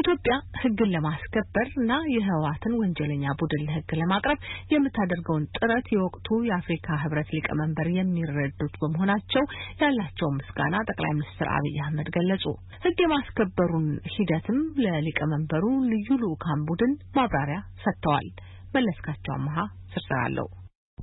ኢትዮጵያ ሕግን ለማስከበር እና የህወሓትን ወንጀለኛ ቡድን ለሕግ ለማቅረብ የምታደርገውን ጥረት የወቅቱ የአፍሪካ ህብረት ሊቀመንበር የሚረዱት በመሆናቸው ያላቸው ምስጋና ጠቅላይ ሚኒስትር አብይ አህመድ ገለጹ። ሕግ የማስከበሩን ሂደትም ለሊቀመንበሩ ልዩ ልኡካን ቡድን ማብራሪያ ሰጥተዋል። መለስካቸው አመሃ ስርስራለሁ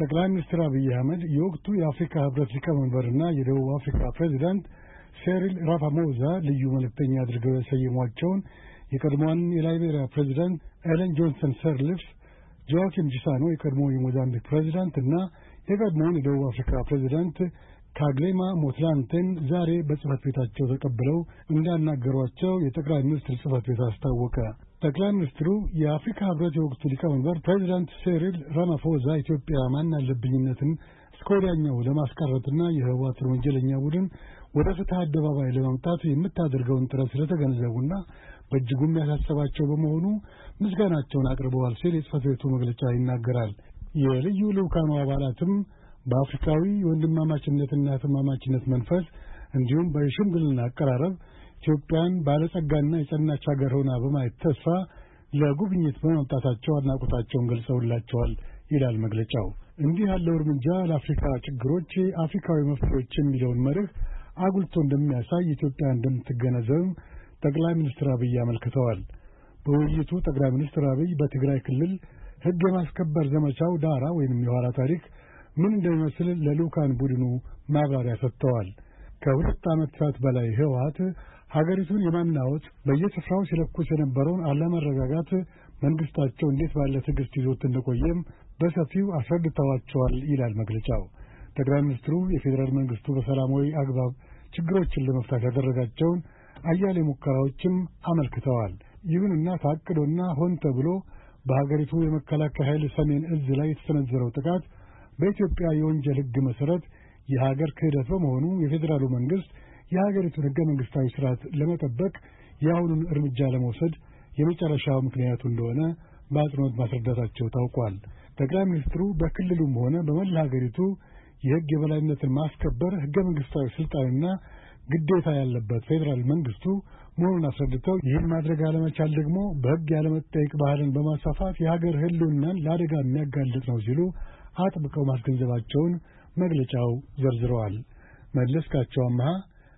ጠቅላይ ሚኒስትር አብይ አህመድ የወቅቱ የአፍሪካ ህብረት ሊቀመንበርና የደቡብ አፍሪካ ፕሬዚዳንት ሴሪል ራፋሞዛ ልዩ መልእክተኛ አድርገው የሰየሟቸውን የቀድሞዋን የላይቤሪያ ፕሬዚዳንት ኤለን ጆንሰን ሰርልፍስ፣ ጆዋኪም ቺሳኖ የቀድሞ የሞዛምቢክ ፕሬዚዳንት እና የቀድሞውን የደቡብ አፍሪካ ፕሬዚዳንት ካግሌማ ሞትላንቴን ዛሬ በጽህፈት ቤታቸው ተቀብለው እንዳናገሯቸው የጠቅላይ ሚኒስትር ጽህፈት ቤት አስታወቀ። ጠቅላይ ሚኒስትሩ የአፍሪካ ህብረት የወቅቱ ሊቀመንበር ፕሬዚዳንት ሴሪል ራማፎዛ ኢትዮጵያ ማን አለብኝነትን እስከ ወዲያኛው ለማስቀረትና የህወሓትን ወንጀለኛ ቡድን ወደ ፍትህ አደባባይ ለማምጣት የምታደርገውን ጥረት ስለተገነዘቡና በእጅጉም ያሳሰባቸው በመሆኑ ምስጋናቸውን አቅርበዋል ሲል የጽህፈት ቤቱ መግለጫ ይናገራል። የልዩ ልዑካኑ አባላትም በአፍሪካዊ ወንድማማችነትና ትማማችነት መንፈስ እንዲሁም በሽምግልና አቀራረብ ኢትዮጵያን ባለጸጋና የጸናች ሀገር ሆና በማየት ተስፋ ለጉብኝት በመምጣታቸው አድናቆታቸውን ገልጸውላቸዋል ይላል መግለጫው። እንዲህ ያለው እርምጃ ለአፍሪካ ችግሮች አፍሪካዊ መፍትሄዎች የሚለውን መርህ አጉልቶ እንደሚያሳይ ኢትዮጵያ እንደምትገነዘብም ጠቅላይ ሚኒስትር አብይ አመልክተዋል። በውይይቱ ጠቅላይ ሚኒስትር አብይ በትግራይ ክልል ሕግ የማስከበር ዘመቻው ዳራ ወይንም የኋላ ታሪክ ምን እንደሚመስል ለልዑካን ቡድኑ ማብራሪያ ሰጥተዋል። ከሁለት ዓመት ሰዓት በላይ ህወሓት ሀገሪቱን የማናወጥ በየስፍራው ሲለኩስ የነበረውን አለመረጋጋት መንግስታቸው እንዴት ባለ ትዕግስት ይዞት እንደቆየም በሰፊው አስረድተዋቸዋል ይላል መግለጫው። ጠቅላይ ሚኒስትሩ የፌዴራል መንግስቱ በሰላማዊ አግባብ ችግሮችን ለመፍታት ያደረጋቸውን አያሌ ሙከራዎችም አመልክተዋል። ይሁንና ታቅዶና ሆን ተብሎ በሀገሪቱ የመከላከያ ኃይል ሰሜን እዝ ላይ የተሰነዘረው ጥቃት በኢትዮጵያ የወንጀል ሕግ መሠረት የሀገር ክህደት በመሆኑ የፌዴራሉ መንግስት የሀገሪቱን ህገ መንግስታዊ ስርዓት ለመጠበቅ የአሁኑን እርምጃ ለመውሰድ የመጨረሻው ምክንያቱ እንደሆነ በአጽንኦት ማስረዳታቸው ታውቋል። ጠቅላይ ሚኒስትሩ በክልሉም ሆነ በመላ ሀገሪቱ የህግ የበላይነትን ማስከበር ህገ መንግስታዊ ስልጣንና ግዴታ ያለበት ፌዴራል መንግስቱ መሆኑን አስረድተው ይህን ማድረግ አለመቻል ደግሞ በህግ ያለመጠየቅ ባህልን በማስፋፋት የሀገር ህልውናን ለአደጋ የሚያጋልጥ ነው ሲሉ አጥብቀው ማስገንዘባቸውን መግለጫው ዘርዝረዋል። መለስካቸው አመሀ